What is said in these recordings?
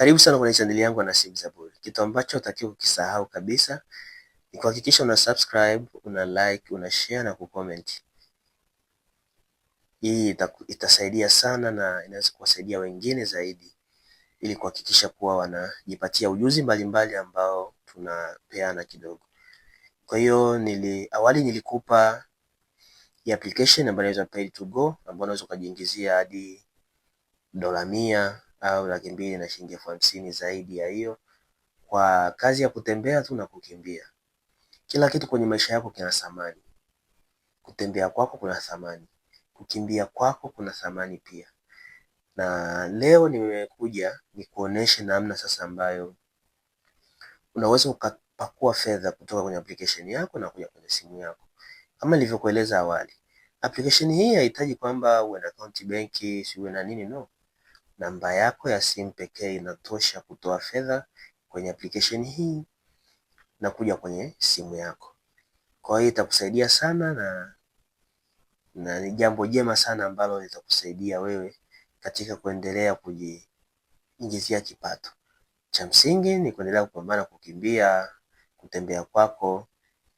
Karibu sana kwenye chaneli yangu na Simu Kitu ambacho unatakiwa kukisahau kabisa ni kuhakikisha una subscribe, una like, una share na kucomment. Hii itasaidia sana na inaweza kuwasaidia wengine zaidi ili kuhakikisha kuwa wanajipatia ujuzi mbalimbali mbali ambao tunapeana kidogo. Kwa hiyo nili, awali nilikupa hii application ambayo inaitwa Pay to Go ambayo unaweza ukajiingizia hadi dola mia au laki mbili na shilingi elfu hamsini zaidi ya hiyo kwa kazi ya kutembea tu na kukimbia. Kila kitu kwenye maisha yako kina thamani. Kutembea kwako kuna thamani, kukimbia kwako kuna thamani pia. Na leo nimekuja ni kuoneshe namna sasa ambayo unaweza ukapakua fedha kutoka kwenye application yako na kuja kwenye simu yako. Kama nilivyokueleza awali, application hii haihitaji kwamba uwe na account benki, siwe na nini, no. Namba yako ya simu pekee inatosha kutoa fedha kwenye application hii na kuja kwenye simu yako. Kwa hiyo itakusaidia sana na na ni jambo jema sana ambalo litakusaidia wewe katika kuendelea kujiingizia kipato. Cha msingi ni kuendelea kupambana, kukimbia, kutembea kwako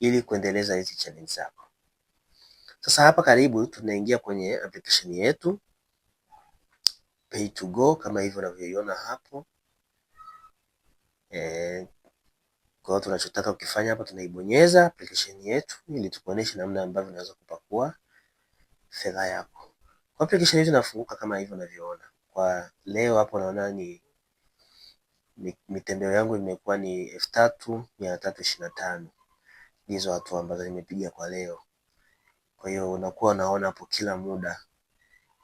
ili kuendeleza hizi challenge zako. Sasa hapa karibu tunaingia kwenye application yetu pay to go kama hivyo unavyoiona hapo Eh, Kwa tunachotaka kukifanya hapa, tunaibonyeza application yetu ili tukuoneshe namna ambavyo unaweza kupakua fedha yako kwa application yetu. Inafunguka kama hivyo unavyoona. Kwa leo hapo naona ni mitembeo yangu imekuwa ni elfu tatu mia tatu ishirini na tano. Ndizo hatua ambazo nimepiga kwa leo. Kwa hiyo unakuwa unaona hapo kila muda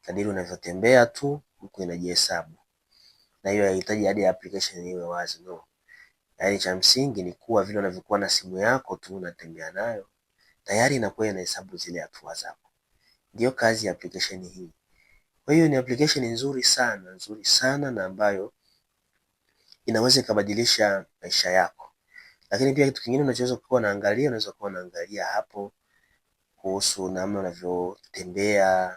kadiri unavyotembea tu huku inajihesabu, na hiyo haihitaji hadi application iwe wazi no. Yaani cha msingi ni kuwa vile unavyokuwa na simu yako tu unatembea nayo tayari inakuwa inahesabu zile hatua zako. Ndio kazi ya application hii. Kwa hiyo ni application nzuri sana nzuri sana na ambayo inaweza ikabadilisha maisha yako. Lakini pia kitu kingine unachoweza kuwa unaangalia, unaweza kuwa unaangalia hapo kuhusu namna unavyotembea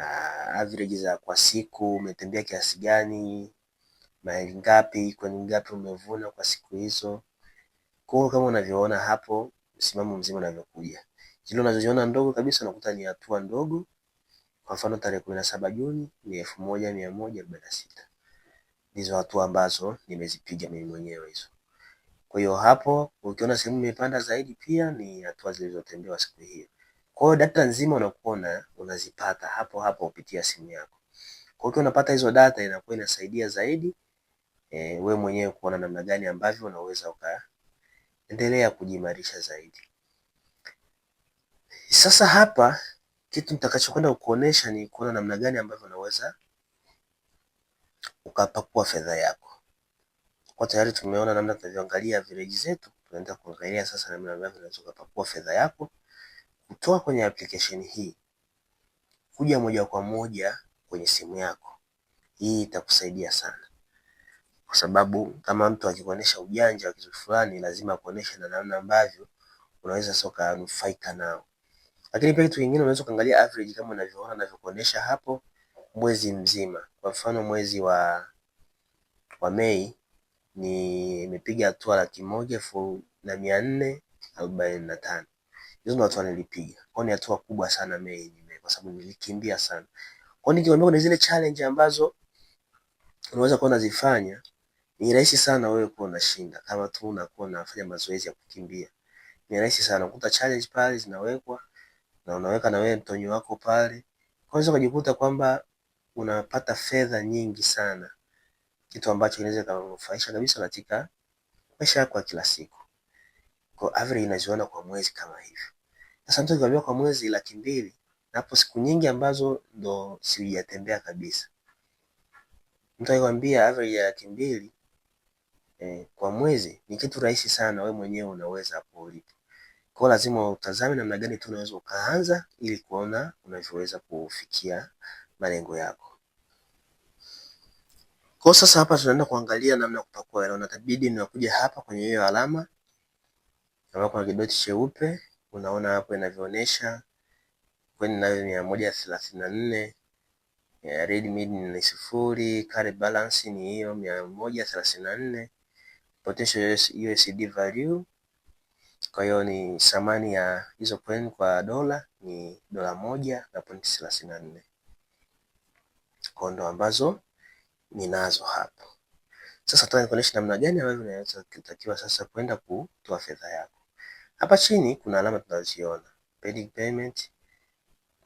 Ah, average za kwa siku, umetembea kiasi gani, maili ngapi, koni ngapi umevuna kwa siku hizo. Kwa kama unavyoona hapo, msimamo mzima unavyokuja, zile unazoziona ndogo kabisa unakuta ni hatua ndogo. Kwa mfano tarehe kumi na saba Juni ni elfu moja mia moja arobaini na sita ndizo hatua ambazo nimezipiga mimi mwenyewe hizo. Kwa hiyo hapo ukiona sehemu imepanda zaidi, pia ni hatua zilizotembewa siku hiyo. Kwa hiyo data nzima unakuona unazipata hapo hapo kupitia simu yako. Kwa hiyo unapata hizo data inakuwa inasaidia zaidi e, we mwenyewe kuona namna gani ambavyo unaweza ukaendelea kujimarisha zaidi. Sasa hapa kitu nitakachokwenda kukuonesha ni kuona namna gani ambavyo unaweza ukapakua fedha yako. Kwa tayari tumeona namna tunavyoangalia average zetu, tunaenda kuangalia sasa namna ambavyo unaweza ukapakua fedha yako kutoka kwenye application hii kuja moja kwa moja kwenye simu yako. Hii itakusaidia sana, kwa sababu kama mtu akikuonesha ujanja wa kitu fulani, lazima akuoneshe na namna ambavyo unaweza sasa ukanufaika nao. Lakini pia kitu kingine unaweza kuangalia average kama unavyoona navyokuonesha hapo, mwezi mzima. Kwa mfano mwezi wa wa Mei ni imepiga hatua laki moja elfu na mia nne arobaini na tano hizo ndo watu wanalipiga. kwao, ni hatua kubwa sana mimi kwa sababu nilikimbia sana. kwao. nikiwaambia kuna zile challenge ambazo unaweza kuwa unazifanya ni rahisi sana wewe kuwa unashinda kama tu unakuwa unafanya mazoezi ya kukimbia. Ni rahisi sana kukuta challenge pale zinawekwa na unaweka na wewe mtonyo wako pale. Kwanza ukajikuta kwamba unapata fedha nyingi sana, kitu ambacho inaweza kukufaidisha kabisa katika maisha yako ya kila siku. Kwa average inaziona kwa mwezi kama hivi. Sasa mtu akiambiwa kwa mwezi laki mbili, na hapo siku nyingi ambazo ndo sijatembea kabisa. Mtu akikwambia average ya laki mbili eh, kwa mwezi ni kitu rahisi sana, wewe mwenyewe unaweza hapo ulipo. Kwa lazima utazame namna gani tu unaweza ukaanza ili kuona unavyoweza kufikia malengo yako. Kwa sasa hapa tunaenda kuangalia namna kupakua hela, unatabidi kuja hapa kwenye hiyo alama ambapo kuna kidoti cheupe Unaona hapo inavyoonyesha kweni nayo mia moja thelathini na nne Redmi ni sifuri, carry balance ni hiyo mia moja thelathini na nne potential USD value. Kwa hiyo ni thamani ya hizo coin kwa dola ni dola moja na pointi thelathini na nne kondo ambazo ninazo hapo. Sasa nataka nikuonyeshe namna gani ambavyo unatakiwa sasa kwenda kutoa fedha yako. Hapa chini kuna alama tunaziona pending payment,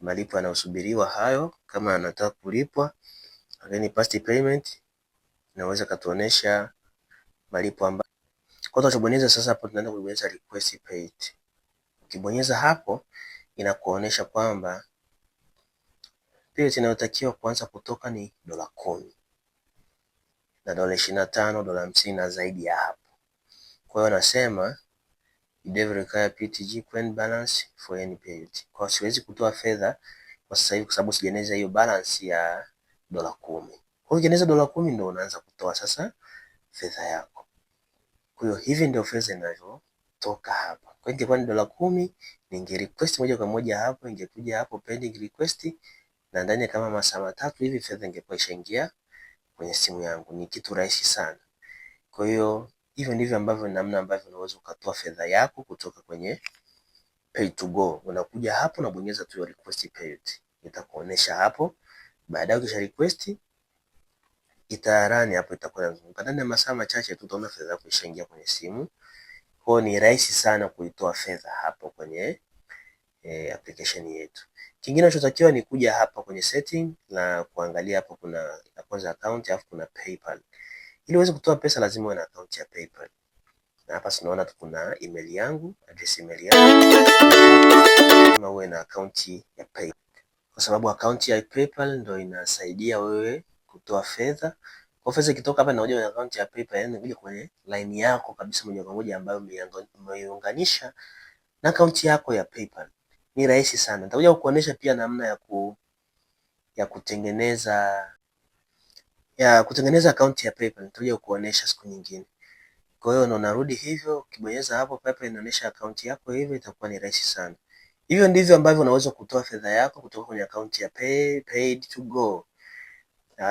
malipo yanayosubiriwa hayo kama anataka kulipwa, Then past payment inaweza katuonesha malipo ambayo kwa tunachobonyeza sasa. Hapo tunaenda kubonyeza request paid. Ukibonyeza hapo inakuonesha kwamba payment inayotakiwa kuanza kutoka ni dola kumi na dola ishirini na tano, dola hamsini na zaidi ya hapo. Kwa hiyo anasema They require PTG current balance for any period. Kwa siwezi kutoa fedha kwa sasa hivi kwa sababu sijaeneza hiyo balance ya dola kumi. Kwa hiyo dola kumi ndio unaanza kutoa sasa fedha yako. Kwa hiyo hivi ndio fedha inavyotoka hapa. Kwa hiyo ingekuwa ni dola kumi, ninge request moja kwa moja hapo, ingekuja hapo pending request na ndani kama masaa matatu hivi fedha ingekuwa ishaingia kwenye simu yangu. Ni kitu rahisi sana. Kwa hiyo Hivyo ndivyo ambavyo namna ambavyo unaweza ukatoa fedha yako kutoka kwenye pay to go. Unakuja hapo unabonyeza tu request payout, itakuonesha hapo. Baadaye ukisha request itarani hapo, itakuwa inazunguka ndani ya masaa machache tu, utaona fedha yako ishaingia kwenye simu. Kwa ni rahisi sana kuitoa fedha hapo kwenye e, application yetu. Kingine unachotakiwa ni kuja hapa kwenye setting na kuangalia hapo, kuna kwanza account, alafu kuna PayPal ili uweze kutoa pesa lazima uwe na akaunti ya PayPal. Na hapa tunaona kuna email yangu, address email yangu. Lazima uwe na akaunti ya PayPal. Kwa sababu akaunti ya PayPal ndio inasaidia wewe kutoa fedha. Kwa fedha ikitoka hapa inakuja kwenye account ya PayPal, yani inakuja kwenye line yako kabisa moja kwa moja ambayo umeiunganisha na akaunti yako ya PayPal. Ni rahisi sana. Nitakuja kukuonesha pia namna ya ku ya kutengeneza ya kutengeneza akaunti ya PayPal nitakuja kuonesha siku nyingine. Kwa hiyo na unarudi hivyo, ukibonyeza hapo PayPal inaonesha akaunti yako hivyo, itakuwa ni rahisi sana. Hivyo ndivyo ambavyo unaweza kutoa fedha yako kutoka kwenye akaunti ya pay, Paid to Go. uh,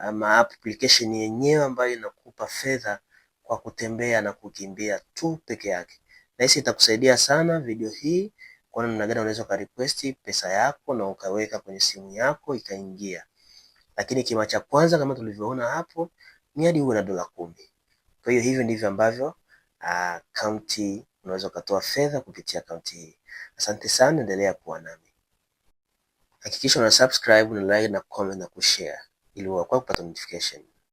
ama application yenyewe ambayo inakupa fedha kwa kutembea na kukimbia tu peke yake. Nahisi itakusaidia sana video hii, kwa namna gani unaweza ukarequest pesa yako na ukaweka kwenye simu yako ikaingia lakini kima cha kwanza kama tulivyoona hapo ni hadi uwe na dola kumi. Kwa hiyo hivyo ndivyo ambavyo kaunti ah, uh, unaweza ukatoa fedha kupitia kaunti hii. Asante sana, endelea kuwa nami. Hakikisha una subscribe, una like, na comment na kushare ili uweze kupata notification.